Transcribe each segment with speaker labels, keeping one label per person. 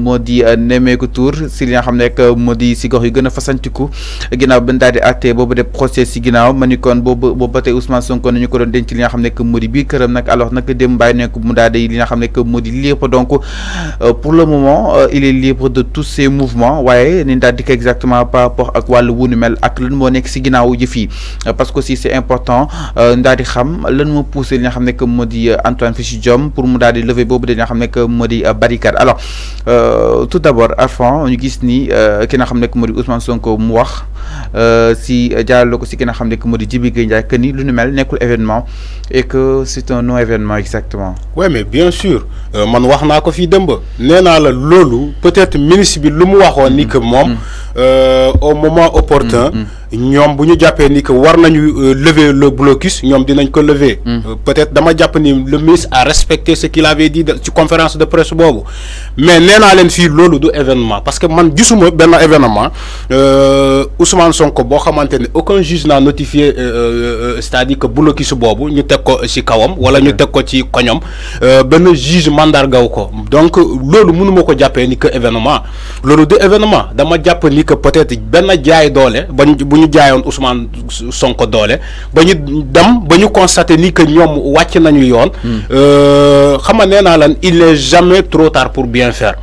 Speaker 1: modi di euh, tour si li nga ne si gox yu gëna a fasantiku ginnaaw benn daal di de procès si ginaaw ma ni kon boobu boobu ba Ousmane Sonko ñu ko doon denc li nga xamne ne modi bi kërëm nak alors nak dem bay neeku mu daal di li nga xamne modi libre donc euh, pour le moment euh, il est libre de tous ses mouvements waaye nañ daal di exactement par rapport ak walu wunu mel ak lan mo nekk si ginaaw ji fi parce que si c'est important daal di xam lan mo poussé li nga xamne modi Antoine Félix diom pour mu daal di lever bobu de nga xamne modi barricade alors euh, tout d'abord avant ñu gis ni euh, ki nga xam nekk moo Ousmane Sonko mu wax euh, si Diallo, ko si ki nga xam nekk moo di Djibi Gueye que ni lu nu mel événement et que c'est un non événement exactement. ouais mais bien sûr man wax naa ko fii dëmb nee naa
Speaker 2: peut-être ministre bi lu ni que mm-hmm. Mm-hmm. euh, au moment opportun. nous mm-hmm. avons ñu ni que war nañu lever le blocus ñoom dinañ ko lever. peut-être dama ma ni le ministre a respecté ce qu'il avait dit sur conférence de presse boobu mais nee leen fii loolu du événement parce que man gisuma benn événement euh, Ousmane Sonko boo xamante ne aucun juge n'a notifié euh, euh, c'est-à-dire que blocus boobu ñu teg ko ci kawam wala ñu teg ko ci koñam benn juge mandargaw ko donc loolu mënuma ko jàppee ni que événement loolu du événement dama jàpp ni que peut-être benn jaay doole bañ ñu bu ñu jaayoon Ousmane Sonko doole ba ñu dem ba ñu constaté ni que ñoom wàcc nañu yoon hmm. xam nga nee naa il n'est jamais trop tard pour bien faire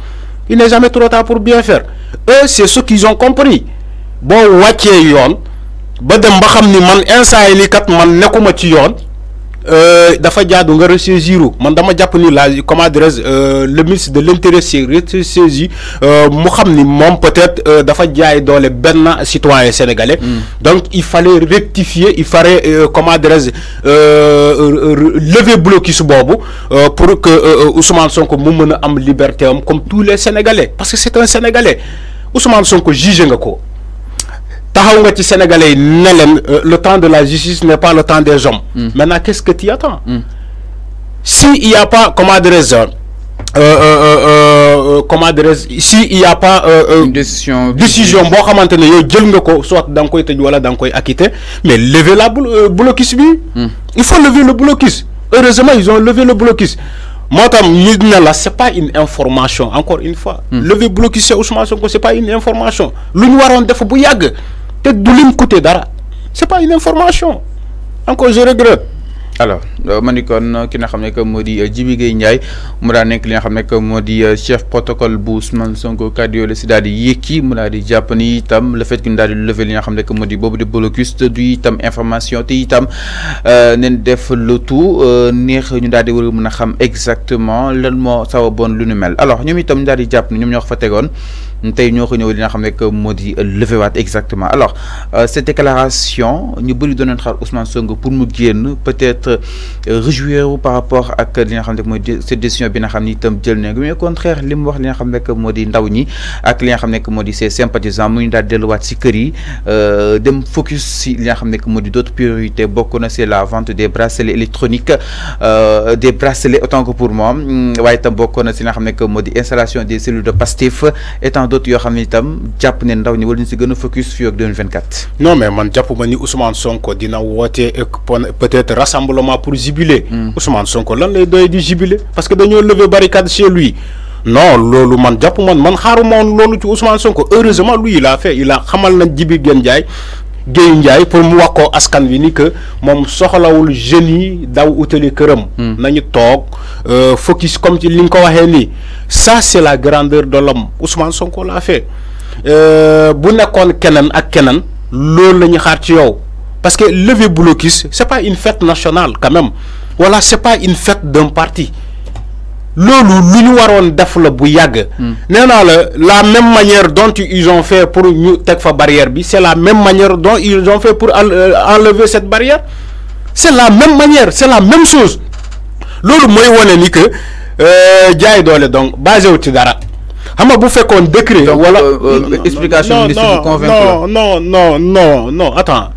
Speaker 2: il n'est jamais trop tard pour bien faire. Eux, c'est ce qu'ils ont compris. Bon, yon, ba dem ba xamni man li kat man nekuma ci euh, dafa jaadu nga ressaisir man dama japp ni la comment dirais euh, le ministre de l'intérieur s'est ressaisi euh, mu xamni ni peut-être dafa jaay doole ben citoyen sénégalais. Mm. donc il fallait rectifier il fallait comment adresse je lever blocus euh, pour que Ousmane Sonko mu meuna am liberté comme tous les sénégalais parce que c'est un sénégalais Ousmane Sonko jugé nga ko taxaw nga ci sénégalais yi euh, le temps de la justice n'est pas le temps des hommes. Mm. maintenant qu'est-ce que tu attends. Mm. si il n'y a pas comment dire euh, euh, euh, comment dirais si il n'y a pas. décision décision boo xamante ne yow nga ko soit dans quoi koy tëj wala da nga koy mais lever la boule, blocus bi. Mm. il faut lever le blocus heureusement ils ont levé le blocus. Moi, ce n'est pas une information, encore une fois. Lever blocus, c'est Ousmane Sonko, ce n'est pas une information. en défaut bouillage. te du lim coûter dara c'est pas une information encore je regrette
Speaker 1: alors euh, ma ni euh, ki nga xam ne que moo di euh, Djibi Gueye Ndiaye mu daa nekk li nga xam ne que chef protocole bu Ousmane Sonko cardio le la si daal di yékki mu daal di japp ni itam le fait que ndal di lever li nga xam ne que moo di boobu di du itam information te itam nañ def le tout euh neex ñu daal di wëru mëna xam exactement lan moo sababoon lu ñu mel alors ñoom itam ndal di japp ni ñoom ñoo fa tegoon tay ñoo ko ñëw li nga xam ne que lever wat exactement alors cette déclaration ñu bëri doon xaar Ousmane Sonko pour mu genn peut-être peut-être euh, par rapport ak li nga xam cette décision bi nga xamni tam itam jël mais au contraire li wax li nga xamné que moo di ndaw ñi ak li nga xamné que moo di ses sympathisants mu ñu daal delluwaat si kër yi euh, dem focus si li nga xamné que moo d'autres priorités bokk na c'est la vente des bracelets électroniques euh, des bracelets autant que pour moi mm, waaye tam bokk na si nga xamné que moo installation des cellules de pastif étant d'autres yo xamni tam japp né ne ndaw ñi wala ñu focus fii ak 2024. non mais
Speaker 2: man jàpp ma ni Ousmane Sonko dina woté peut-être rassembler pour jubiler. Ousmane Sonko lan lay doy jubiler parce que avons lever barricade chez lui. non le man pour man man non Ousmane Sonko heureusement lui il a fait il a xamal na Djibi Guèye Ndiaye pour mu wako askan wi ni que mom soxlawul génie daw kërëm hmm. nañu euh, focus comme ci li nga ko ça c'est la grandeur de l'homme Ousmane Sonko l'a fait euh, bu nekkoon kenen ak kenen le xaar ci yow. Parce que lever Boulokis, ce n'est pas une fête nationale quand même. Voilà, ce n'est pas une fête d'un parti. Lolou lu ñu hmm. la la même manière dont ils ont fait pour nous barrière c'est la même manière dont ils ont fait pour euh, enlever cette barrière C'est la même manière c'est la même chose Lolo que euh, donc basé Hama fait qu'on décrit. voilà. Euh, euh, explication, non, non, non, non, non, non, non, attends.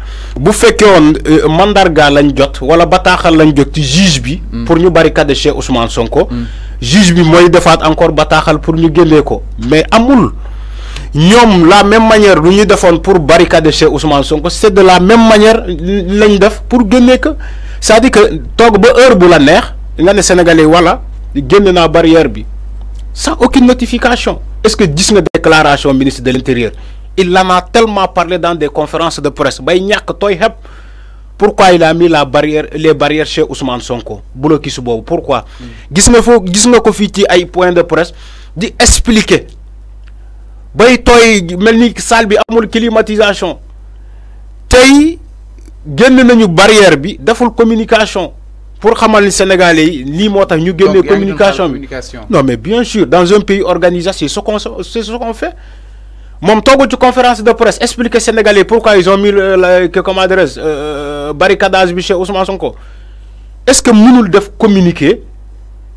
Speaker 2: fait qu'on euh, mandarga l'anjot, voilà bataille ci juge bi, mm. pour nous barricader chez Ousmane Sonko. Mm. Juge bi, moy de encore bataxal pour nous ko Mais amul. ñom la même manière lu ñu defoon pour barricader chez Ousmane Sonko C'est de la même manière lañ def pour génnee que C'est à dire que toog ba heure bu la neex nga né sénégalais wala génn na barrière bi sans aucune notification. Est-ce que disney une déclaration au ministre de l'Intérieur Il en a tellement parlé dans des conférences de presse. Pourquoi il a mis la barrière, les barrières chez Ousmane Sonko Pourquoi Dis mm. a faut, dis me confiti à point de presse, de expliquer. Bay toy melni salle bi amul climatisation. Tay genn nañu barrière bi deful communication pour xamal ni Sénégalais yi lii moo ñu communication non mais bien sûr dans un pays organisé c'est ce qu'on ce qu'on fait mom togu ci conférence de presse expliquer Sénégalais pourquoi ils ont mis que comme à je barricadage bi chez Ousmane Sonko est-ce que mënul def communiquer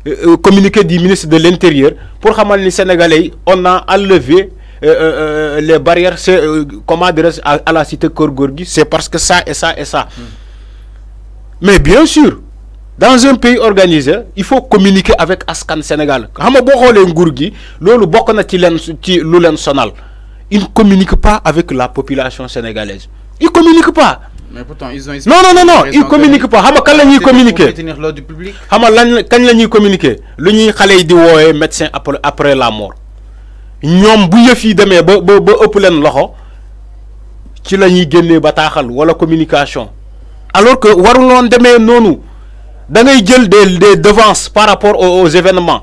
Speaker 2: euh, euh, communiquer du ministre de l'Intérieur pour xamal ni Sénégalais on a enlevé euh, les barrières c'est à la cité Keur c'est parce que ça et ça et ça hmm. mais bien sûr dans un pays organisé il faut communiquer avec askan Sénégal Quand on il ne communique pas avec la population sénégalaise il communique pas.
Speaker 1: mais pourtant ils non non non non il communique pas xam nga kan
Speaker 2: communiquer médecin après la mort bu ont ba ba ëpp communication alors que waruloon se da ngay jël des des devances par rapport aux événements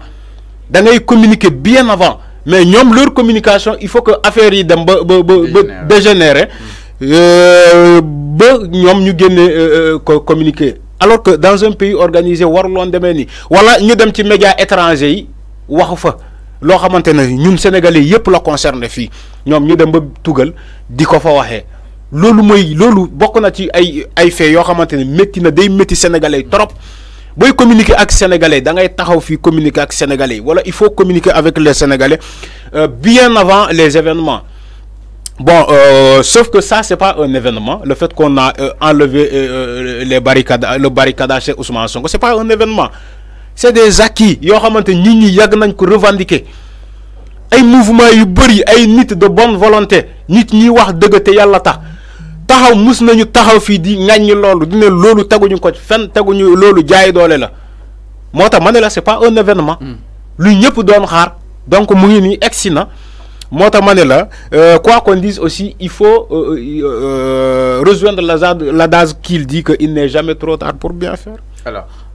Speaker 2: da ngay communiquer bien avant mais ñoom leur communication il faut que affaire yi dem ba ba Euh, ba dégénérer euh, euh, communiquer alors que dans un pays organisé warlon demee voilà wala ñu dem ci médias étrangers yi waxu fa loo xamante ne sénégalais yëpp la concerner fii ñoom ñu dem ba tugal di ko fa lolu moy lolu bokk na ci ay ay fait yo xamanteni metti na day metti sénégalais trop boy communiquer ak sénégalais da ngay taxaw fi communiquer ak sénégalais wala il faut communiquer avec les sénégalais euh, bien avant les événements bon euh, sauf que ça c'est pas un événement le fait qu'on a euh, enlevé les barricades le barricadage chez Ousmane Sonko c'est pas un événement c'est des acquis yo xamanteni nit ñi yag nañ ko revendiquer ay mouvement yu bëri ay nit de bonne volonté nit ñi wax dëgg te yalla tax taxaw mus nañu taxaw fi di ŋàññi loolu di ne loolu taguñu ko fen taguñu loolu jaay doole la moo tax ma c'est pas un événement. Mm. lui ñëpp doon xaar donc mu ngi ni egsi na moo tax ma ne la euh, quoi qu'on dise aussi il faut euh, euh, rejoindre la la l'adage qu'il dit que il n'est jamais trop tard pour bien faire
Speaker 1: alors.